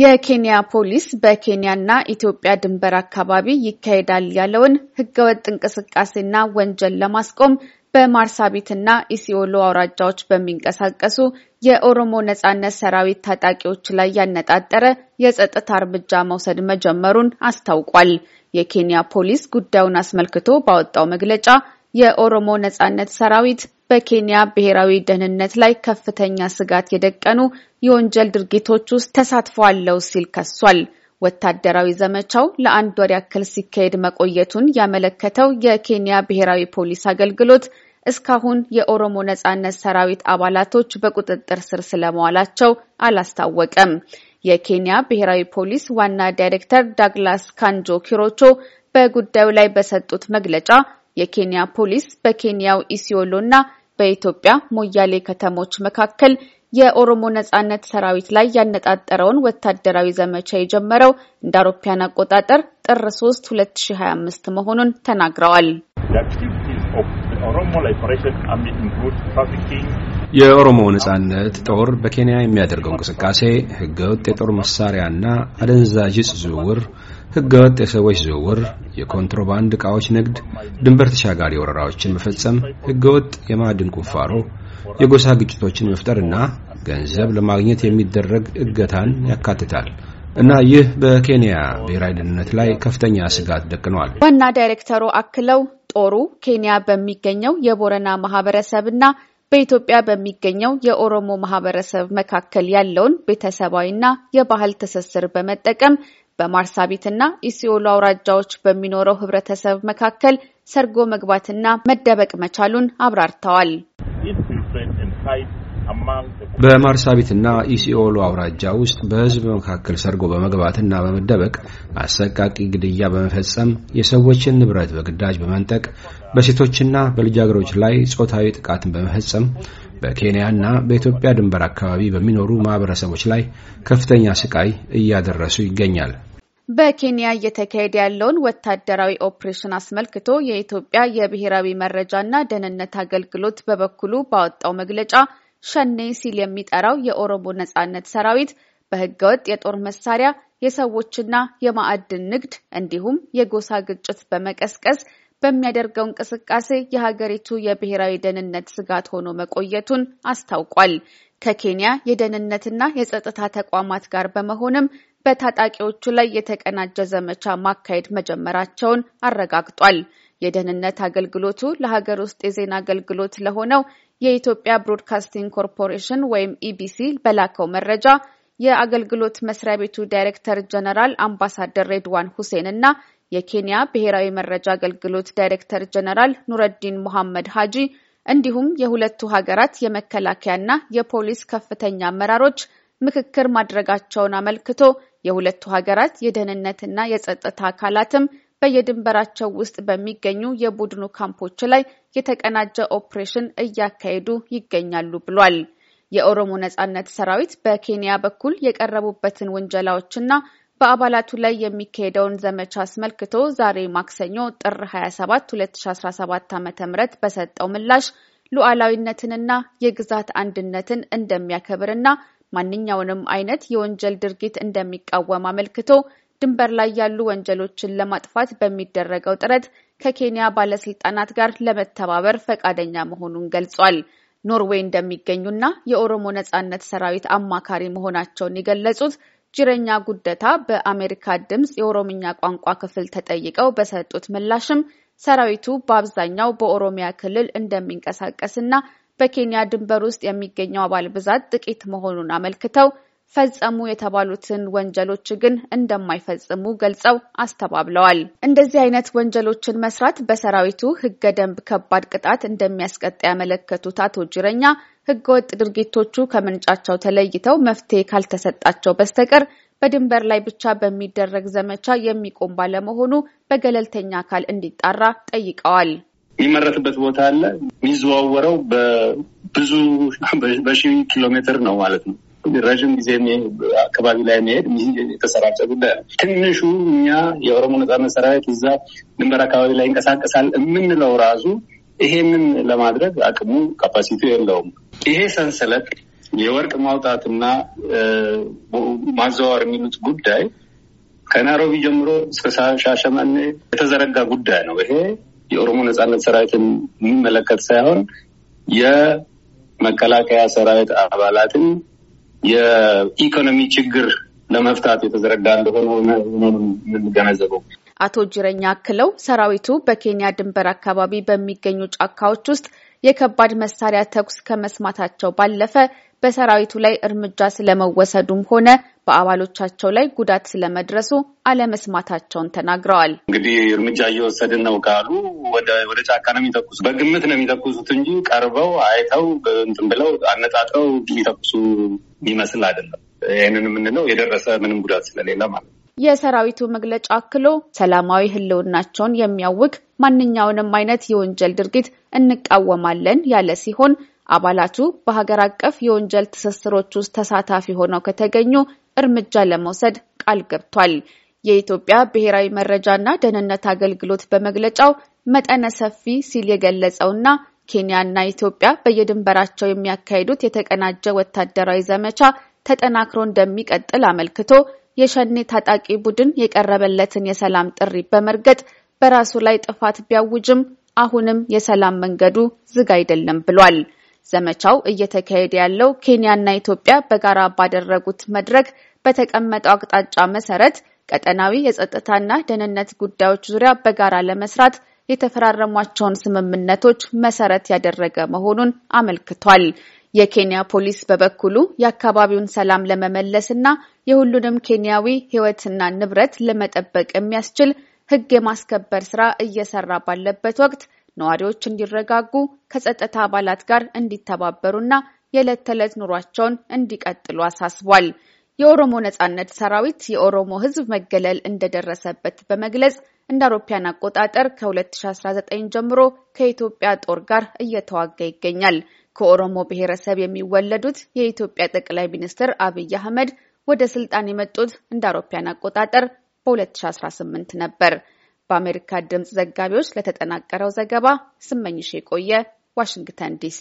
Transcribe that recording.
የኬንያ ፖሊስ በኬንያና ኢትዮጵያ ድንበር አካባቢ ይካሄዳል ያለውን ህገወጥ እንቅስቃሴና ወንጀል ለማስቆም በማርሳቢትና ኢሲኦሎ አውራጃዎች በሚንቀሳቀሱ የኦሮሞ ነጻነት ሰራዊት ታጣቂዎች ላይ ያነጣጠረ የጸጥታ እርምጃ መውሰድ መጀመሩን አስታውቋል። የኬንያ ፖሊስ ጉዳዩን አስመልክቶ ባወጣው መግለጫ የኦሮሞ ነጻነት ሰራዊት በኬንያ ብሔራዊ ደህንነት ላይ ከፍተኛ ስጋት የደቀኑ የወንጀል ድርጊቶች ውስጥ ተሳትፏለው ሲል ከሷል። ወታደራዊ ዘመቻው ለአንድ ወር ያክል ሲካሄድ መቆየቱን ያመለከተው የኬንያ ብሔራዊ ፖሊስ አገልግሎት እስካሁን የኦሮሞ ነጻነት ሰራዊት አባላቶች በቁጥጥር ስር ስለመዋላቸው አላስታወቀም። የኬንያ ብሔራዊ ፖሊስ ዋና ዳይሬክተር ዳግላስ ካንጆ ኪሮቾ በጉዳዩ ላይ በሰጡት መግለጫ የኬንያ ፖሊስ በኬንያው ኢሲዮሎ እና በኢትዮጵያ ሞያሌ ከተሞች መካከል የኦሮሞ ነጻነት ሰራዊት ላይ ያነጣጠረውን ወታደራዊ ዘመቻ የጀመረው እንደ አውሮፓያን አቆጣጠር ጥር 3 2025 መሆኑን ተናግረዋል። የኦሮሞ ነጻነት ጦር በኬንያ የሚያደርገው እንቅስቃሴ ህገወጥ የጦር መሳሪያና አደንዛዥ እጽ ዝውውር፣ ህገወጥ የሰዎች ዝውውር፣ የኮንትሮባንድ እቃዎች ንግድ፣ ድንበር ተሻጋሪ ወረራዎችን መፈጸም፣ ህገወጥ የማዕድን ቁፋሮ የጎሳ ግጭቶችን መፍጠርና ገንዘብ ለማግኘት የሚደረግ እገታን ያካትታል እና ይህ በኬንያ ብሔራዊ ደህንነት ላይ ከፍተኛ ስጋት ደቅነዋል። ዋና ዳይሬክተሩ አክለው ጦሩ ኬንያ በሚገኘው የቦረና ማህበረሰብ እና በኢትዮጵያ በሚገኘው የኦሮሞ ማህበረሰብ መካከል ያለውን ቤተሰባዊና የባህል ትስስር በመጠቀም በማርሳቢትና ኢሲኦሎ አውራጃዎች በሚኖረው ህብረተሰብ መካከል ሰርጎ መግባትና መደበቅ መቻሉን አብራርተዋል። በማርሳቢትና ኢሲኦሎ አውራጃ ውስጥ በህዝብ መካከል ሰርጎ በመግባትና በመደበቅ አሰቃቂ ግድያ በመፈጸም የሰዎችን ንብረት በግዳጅ በመንጠቅ በሴቶችና በልጃገሮች ላይ ጾታዊ ጥቃትን በመፈጸም በኬንያና በኢትዮጵያ ድንበር አካባቢ በሚኖሩ ማህበረሰቦች ላይ ከፍተኛ ስቃይ እያደረሱ ይገኛል። በኬንያ እየተካሄደ ያለውን ወታደራዊ ኦፕሬሽን አስመልክቶ የኢትዮጵያ የብሔራዊ መረጃና ደህንነት አገልግሎት በበኩሉ ባወጣው መግለጫ ሸኔ ሲል የሚጠራው የኦሮሞ ነጻነት ሰራዊት በህገወጥ የጦር መሳሪያ የሰዎችና የማዕድን ንግድ እንዲሁም የጎሳ ግጭት በመቀስቀስ በሚያደርገው እንቅስቃሴ የሀገሪቱ የብሔራዊ ደህንነት ስጋት ሆኖ መቆየቱን አስታውቋል። ከኬንያ የደህንነትና የጸጥታ ተቋማት ጋር በመሆንም በታጣቂዎቹ ላይ የተቀናጀ ዘመቻ ማካሄድ መጀመራቸውን አረጋግጧል። የደህንነት አገልግሎቱ ለሀገር ውስጥ የዜና አገልግሎት ለሆነው የኢትዮጵያ ብሮድካስቲንግ ኮርፖሬሽን ወይም ኢቢሲ በላከው መረጃ የአገልግሎት መስሪያ ቤቱ ዳይሬክተር ጀነራል አምባሳደር ሬድዋን ሁሴን እና የኬንያ ብሔራዊ መረጃ አገልግሎት ዳይሬክተር ጀነራል ኑረዲን ሙሐመድ ሀጂ እንዲሁም የሁለቱ ሀገራት የመከላከያና የፖሊስ ከፍተኛ አመራሮች ምክክር ማድረጋቸውን አመልክቶ የሁለቱ ሀገራት የደህንነትና የጸጥታ አካላትም በየድንበራቸው ውስጥ በሚገኙ የቡድኑ ካምፖች ላይ የተቀናጀ ኦፕሬሽን እያካሄዱ ይገኛሉ ብሏል። የኦሮሞ ነጻነት ሰራዊት በኬንያ በኩል የቀረቡበትን ውንጀላዎችና በአባላቱ ላይ የሚካሄደውን ዘመቻ አስመልክቶ ዛሬ ማክሰኞ ጥር 27 2017 ዓ ም በሰጠው ምላሽ ሉዓላዊነትንና የግዛት አንድነትን እንደሚያከብርና ማንኛውንም አይነት የወንጀል ድርጊት እንደሚቃወም አመልክቶ ድንበር ላይ ያሉ ወንጀሎችን ለማጥፋት በሚደረገው ጥረት ከኬንያ ባለስልጣናት ጋር ለመተባበር ፈቃደኛ መሆኑን ገልጿል። ኖርዌይ እንደሚገኙና የኦሮሞ ነጻነት ሰራዊት አማካሪ መሆናቸውን የገለጹት ጅረኛ ጉደታ በአሜሪካ ድምፅ የኦሮምኛ ቋንቋ ክፍል ተጠይቀው በሰጡት ምላሽም ሰራዊቱ በአብዛኛው በኦሮሚያ ክልል እንደሚንቀሳቀስና በኬንያ ድንበር ውስጥ የሚገኘው አባል ብዛት ጥቂት መሆኑን አመልክተው ፈጸሙ የተባሉትን ወንጀሎች ግን እንደማይፈጽሙ ገልጸው አስተባብለዋል። እንደዚህ አይነት ወንጀሎችን መስራት በሰራዊቱ ህገ ደንብ ከባድ ቅጣት እንደሚያስቀጣ ያመለከቱት አቶ ጅረኛ ህገወጥ ድርጊቶቹ ከምንጫቸው ተለይተው መፍትሄ ካልተሰጣቸው በስተቀር በድንበር ላይ ብቻ በሚደረግ ዘመቻ የሚቆም ባለመሆኑ በገለልተኛ አካል እንዲጣራ ጠይቀዋል። የሚመረትበት ቦታ አለ። የሚዘዋወረው በብዙ በሺ ኪሎ ሜትር ነው ማለት ነው። ረዥም ጊዜ አካባቢ ላይ መሄድ የተሰራጨ ጉዳይ ነው። ትንሹ እኛ የኦሮሞ ነጻነት ሰራዊት እዛ ድንበር አካባቢ ላይ ይንቀሳቀሳል የምንለው ራሱ ይሄንን ለማድረግ አቅሙ ካፓሲቲ የለውም። ይሄ ሰንሰለት የወርቅ ማውጣትና ማዘዋወር የሚሉት ጉዳይ ከናይሮቢ ጀምሮ እስከ ሻሸመኔ የተዘረጋ ጉዳይ ነው። ይሄ የኦሮሞ ነጻነት ሰራዊትን የሚመለከት ሳይሆን የመከላከያ ሰራዊት አባላትን የኢኮኖሚ ችግር ለመፍታት የተዘረጋ እንደሆነ የምንገነዘበው። አቶ ጅረኛ አክለው ሰራዊቱ በኬንያ ድንበር አካባቢ በሚገኙ ጫካዎች ውስጥ የከባድ መሳሪያ ተኩስ ከመስማታቸው ባለፈ በሰራዊቱ ላይ እርምጃ ስለመወሰዱም ሆነ በአባሎቻቸው ላይ ጉዳት ስለመድረሱ አለመስማታቸውን ተናግረዋል። እንግዲህ እርምጃ እየወሰድን ነው ካሉ ወደ ጫካ ነው የሚተኩሱ። በግምት ነው የሚተኩሱት እንጂ ቀርበው አይተው እንትን ብለው አነጣጥረው የሚተኩሱ የሚመስል አይደለም። ይህንን የምንለው የደረሰ ምንም ጉዳት ስለሌለ ማለት ነው። የሰራዊቱ መግለጫ አክሎ ሰላማዊ ሕልውናቸውን የሚያውቅ ማንኛውንም አይነት የወንጀል ድርጊት እንቃወማለን ያለ ሲሆን አባላቱ በሀገር አቀፍ የወንጀል ትስስሮች ውስጥ ተሳታፊ ሆነው ከተገኙ እርምጃ ለመውሰድ ቃል ገብቷል። የኢትዮጵያ ብሔራዊ መረጃና ደህንነት አገልግሎት በመግለጫው መጠነ ሰፊ ሲል የገለጸውና ኬንያና ኢትዮጵያ በየድንበራቸው የሚያካሂዱት የተቀናጀ ወታደራዊ ዘመቻ ተጠናክሮ እንደሚቀጥል አመልክቶ የሸኔ ታጣቂ ቡድን የቀረበለትን የሰላም ጥሪ በመርገጥ በራሱ ላይ ጥፋት ቢያውጅም አሁንም የሰላም መንገዱ ዝግ አይደለም ብሏል። ዘመቻው እየተካሄደ ያለው ኬንያና ኢትዮጵያ በጋራ ባደረጉት መድረክ በተቀመጠው አቅጣጫ መሰረት ቀጠናዊ የጸጥታና ደህንነት ጉዳዮች ዙሪያ በጋራ ለመስራት የተፈራረሟቸውን ስምምነቶች መሰረት ያደረገ መሆኑን አመልክቷል። የኬንያ ፖሊስ በበኩሉ የአካባቢውን ሰላም ለመመለስና የሁሉንም ኬንያዊ ሕይወትና ንብረት ለመጠበቅ የሚያስችል ሕግ የማስከበር ስራ እየሰራ ባለበት ወቅት ነዋሪዎች እንዲረጋጉ ከጸጥታ አባላት ጋር እንዲተባበሩና የዕለት ተዕለት ኑሯቸውን እንዲቀጥሉ አሳስቧል። የኦሮሞ ነጻነት ሰራዊት የኦሮሞ ሕዝብ መገለል እንደደረሰበት በመግለጽ እንደ አውሮፓያን አቆጣጠር ከ2019 ጀምሮ ከኢትዮጵያ ጦር ጋር እየተዋጋ ይገኛል። ከኦሮሞ ብሔረሰብ የሚወለዱት የኢትዮጵያ ጠቅላይ ሚኒስትር አብይ አህመድ ወደ ስልጣን የመጡት እንደ አውሮፓያን አቆጣጠር በ2018 ነበር። በአሜሪካ ድምፅ ዘጋቢዎች ለተጠናቀረው ዘገባ ስመኝሽ የቆየ ዋሽንግተን ዲሲ